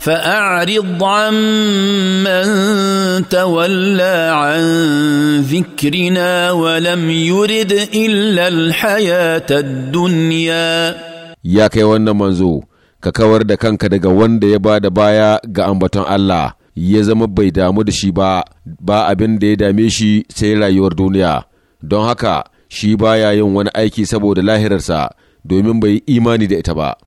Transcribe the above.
فأعرض عمن تولى عن ذكرنا ولم يرد إلا الحياة الدنيا يا كي wannan manzo ka kawar da kanka daga wanda ya ba da baya ga ambaton Allah ya zama bai damu da shi ba ba abin da ya dame shi sai rayuwar duniya don haka shi baya yin wani aiki saboda lahirarsa domin bai yi imani da ita ba